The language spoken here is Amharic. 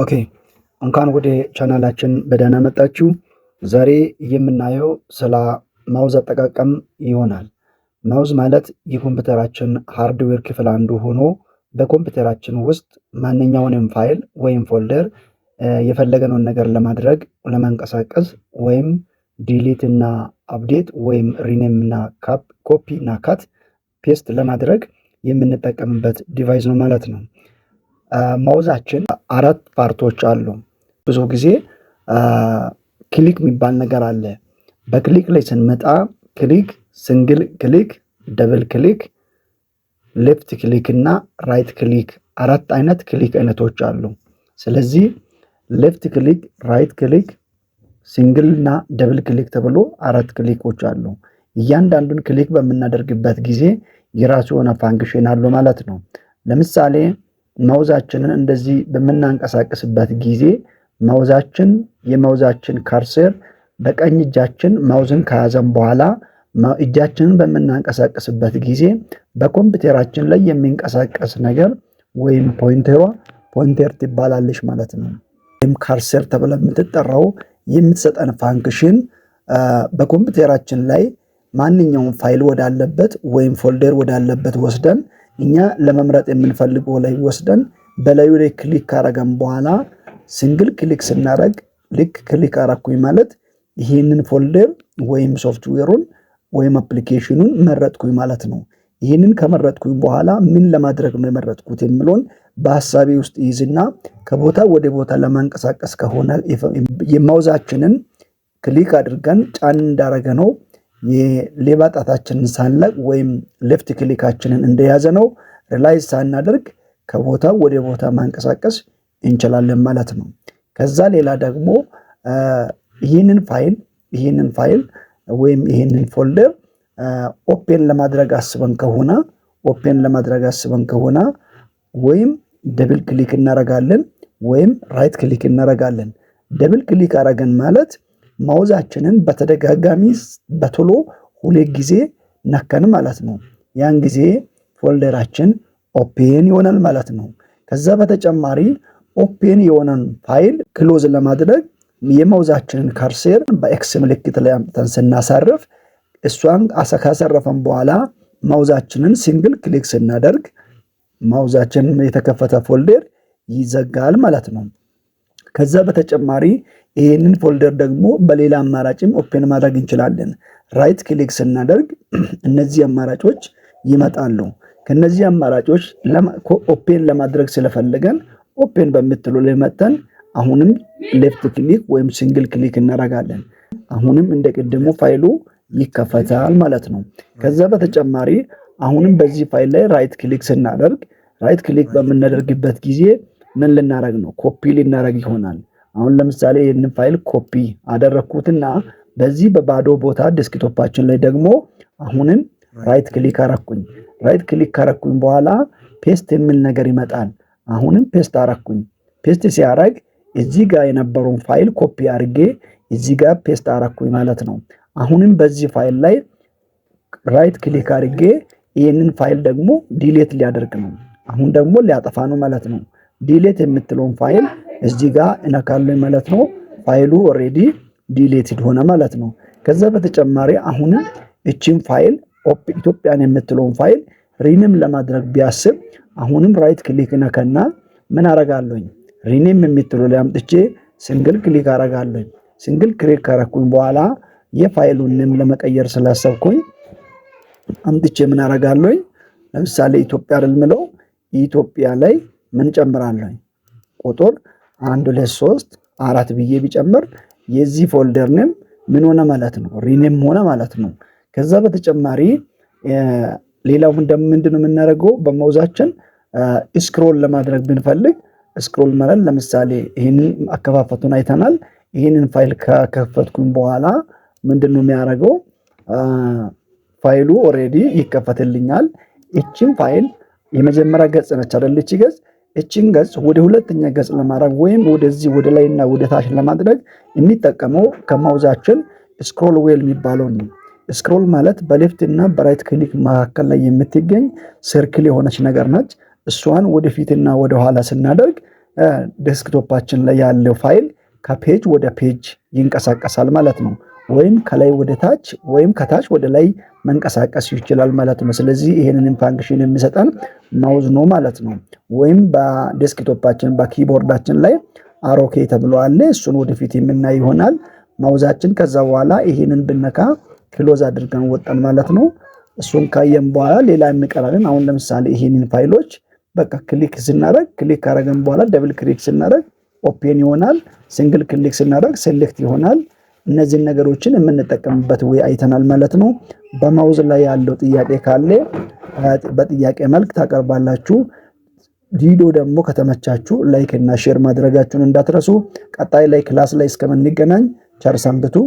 ኦኬ እንኳን ወደ ቻናላችን በደህና መጣችሁ። ዛሬ የምናየው ስለ ማውዝ አጠቃቀም ይሆናል። ማውዝ ማለት የኮምፒውተራችን ሃርድዌር ክፍል አንዱ ሆኖ በኮምፒውተራችን ውስጥ ማንኛውንም ፋይል ወይም ፎልደር የፈለገነውን ነገር ለማድረግ ለማንቀሳቀስ ወይም ዲሊት እና አፕዴት ወይም ሪኔም እና ኮፒ እና ካት ፔስት ለማድረግ የምንጠቀምበት ዲቫይስ ነው ማለት ነው። ማውዛችን አራት ፓርቶች አሉ። ብዙ ጊዜ ክሊክ የሚባል ነገር አለ። በክሊክ ላይ ስንመጣ ክሊክ፣ ስንግል ክሊክ፣ ደብል ክሊክ፣ ሌፍት ክሊክ እና ራይት ክሊክ አራት አይነት ክሊክ አይነቶች አሉ። ስለዚህ ሌፍት ክሊክ፣ ራይት ክሊክ፣ ሲንግል እና ደብል ክሊክ ተብሎ አራት ክሊኮች አሉ። እያንዳንዱን ክሊክ በምናደርግበት ጊዜ የራሱ የሆነ ፋንክሽን አለው ማለት ነው። ለምሳሌ መውዛችንን እንደዚህ በምናንቀሳቅስበት ጊዜ መውዛችን የመውዛችን ካርሴር በቀኝ እጃችን መውዝን ከያዘን በኋላ እጃችንን በምናንቀሳቅስበት ጊዜ በኮምፒውተራችን ላይ የሚንቀሳቀስ ነገር ወይም ፖይንቴሯ ፖይንቴር ትባላለች ማለት ነው። ወይም ካርሴር ተብለ የምትጠራው የምትሰጠን ፋንክሽን በኮምፒውተራችን ላይ ማንኛውም ፋይል ወዳለበት ወይም ፎልደር ወዳለበት ወስደን እኛ ለመምረጥ የምንፈልገው ላይ ወስደን በላዩ ላይ ክሊክ ካረገን በኋላ ሲንግል ክሊክ ስናደረግ ልክ ክሊክ አረኩኝ ማለት ይህንን ፎልደር ወይም ሶፍትዌሩን ወይም አፕሊኬሽኑን መረጥኩኝ ማለት ነው። ይህንን ከመረጥኩኝ በኋላ ምን ለማድረግ ነው የመረጥኩት የሚለውን በሀሳቤ ውስጥ ይዝና ከቦታ ወደ ቦታ ለማንቀሳቀስ ከሆነ የማውዛችንን ክሊክ አድርገን ጫን እንዳረገ ነው የሌባ ጣታችንን ሳንለቅ ወይም ሌፍት ክሊካችንን እንደያዘ ነው ሪላይዝ ሳናደርግ ከቦታው ወደ ቦታ ማንቀሳቀስ እንችላለን ማለት ነው። ከዛ ሌላ ደግሞ ይህንን ፋይል ይህንን ፋይል ወይም ይህንን ፎልደር ኦፔን ለማድረግ አስበን ከሆነ ኦፔን ለማድረግ አስበን ከሆነ ወይም ደብል ክሊክ እናረጋለን ወይም ራይት ክሊክ እናረጋለን። ደብል ክሊክ አረገን ማለት ማውዛችንን በተደጋጋሚ በቶሎ ሁለት ጊዜ ነከን ማለት ነው። ያን ጊዜ ፎልደራችን ኦፔን ይሆናል ማለት ነው። ከዛ በተጨማሪ ኦፔን የሆነን ፋይል ክሎዝ ለማድረግ የመውዛችንን ካርሴር በኤክስ ምልክት ላይ አምጥተን ስናሳርፍ እሷን ካሰረፈን በኋላ ማውዛችንን ሲንግል ክሊክ ስናደርግ ማውዛችን የተከፈተ ፎልደር ይዘጋል ማለት ነው። ከዛ በተጨማሪ ይህንን ፎልደር ደግሞ በሌላ አማራጭም ኦፔን ማድረግ እንችላለን። ራይት ክሊክ ስናደርግ እነዚህ አማራጮች ይመጣሉ። ከነዚህ አማራጮች ኦፔን ለማድረግ ስለፈለገን ኦፔን በምትሉ ላይ መጠን አሁንም ሌፍት ክሊክ ወይም ሲንግል ክሊክ እናደርጋለን። አሁንም እንደ ቅድሙ ፋይሉ ይከፈታል ማለት ነው። ከዛ በተጨማሪ አሁንም በዚህ ፋይል ላይ ራይት ክሊክ ስናደርግ ራይት ክሊክ በምናደርግበት ጊዜ ምን ልናረግ ነው? ኮፒ ልናረግ ይሆናል። አሁን ለምሳሌ ይህንን ፋይል ኮፒ አደረግኩትና በዚህ በባዶ ቦታ ዴስክቶፓችን ላይ ደግሞ አሁንም ራይት ክሊክ አረኩኝ። ራይት ክሊክ ካረኩኝ በኋላ ፔስት የሚል ነገር ይመጣል። አሁንም ፔስት አረኩኝ። ፔስት ሲያረግ እዚህ ጋር የነበረውን ፋይል ኮፒ አድርጌ እዚህ ጋር ፔስት አረኩኝ ማለት ነው። አሁንም በዚህ ፋይል ላይ ራይት ክሊክ አድርጌ ይህንን ፋይል ደግሞ ዲሌት ሊያደርግ ነው። አሁን ደግሞ ሊያጠፋ ነው ማለት ነው። ዲሌት የምትለውን ፋይል እዚህ ጋር እነካለን ማለት ነው። ፋይሉ ኦሬዲ ዲሌትድ ሆነ ማለት ነው። ከዛ በተጨማሪ አሁንም እቺን ፋይል ኢትዮጵያን የምትለውን ፋይል ሪኒም ለማድረግ ቢያስብ አሁንም ራይት ክሊክ ነከና ምን አረጋለኝ ሪኒም የሚትሉ ላይ አምጥቼ ስንግል ክሊክ አረጋለኝ። ስንግል ክሊክ ካረኩኝ በኋላ የፋይሉን ኔም ለመቀየር ስላሰብኩኝ አምጥቼ ምን አረጋለኝ ለምሳሌ ኢትዮጵያ ልምለው ኢትዮጵያ ላይ ምን ጨምራለሁ? ቁጥር አንድ ሁለት ሶስት አራት ብዬ ቢጨምር የዚህ ፎልደር ኔም ምን ሆነ ማለት ነው? ሪኔም ሆነ ማለት ነው። ከዛ በተጨማሪ ሌላው ምንድን ነው የምናደርገው? በመውዛችን ስክሮል ለማድረግ ብንፈልግ ስክሮል ማለት ለምሳሌ ይህንን አከፋፈቱን አይተናል። ይህንን ፋይል ከከፈትኩኝ በኋላ ምንድን ነው የሚያደርገው? ፋይሉ ኦሬዲ ይከፈትልኛል። ይችን ፋይል የመጀመሪያ ገጽ ነች አደለች? ገጽ እችን ገጽ ወደ ሁለተኛ ገጽ ለማድረግ ወይም ወደዚህ ወደ ላይና ወደ ታች ለማድረግ የሚጠቀመው ከማውዛችን ስክሮል ዌል የሚባለው ነው። ስክሮል ማለት በሌፍት እና በራይት ክሊክ መካከል ላይ የምትገኝ ሰርክል የሆነች ነገር ነች። እሷን ወደፊትና ወደኋላ ስናደርግ ዴስክቶፓችን ላይ ያለው ፋይል ከፔጅ ወደ ፔጅ ይንቀሳቀሳል ማለት ነው። ወይም ከላይ ወደ ታች ወይም ከታች ወደ ላይ መንቀሳቀስ ይችላል ማለት ነው። ስለዚህ ይህንን ፋንክሽን የሚሰጠን ማውዝ ነው ማለት ነው። ወይም በዴስክቶፓችን በኪቦርዳችን ላይ አሮኬ ተብሎ አለ። እሱን ወደፊት የምናይ ይሆናል። ማውዛችን ከዛ በኋላ ይህንን ብነካ ክሎዝ አድርገን ወጣን ማለት ነው። እሱን ካየን በኋላ ሌላ የሚቀራልን አሁን ለምሳሌ ይህንን ፋይሎች በቃ ክሊክ ስናደረግ ክሊክ ካረገን በኋላ ደብል ክሊክ ስናደረግ ኦፔን ይሆናል። ሲንግል ክሊክ ስናደረግ ሴሌክት ይሆናል። እነዚህን ነገሮችን የምንጠቀምበት ወይ አይተናል ማለት ነው። በማውዝ ላይ ያለው ጥያቄ ካለ በጥያቄ መልክ ታቀርባላችሁ። ቪዲዮ ደግሞ ከተመቻችሁ ላይክ እና ሼር ማድረጋችሁን እንዳትረሱ። ቀጣይ ላይ ክላስ ላይ እስከምንገናኝ ቸር ሰንብቱ።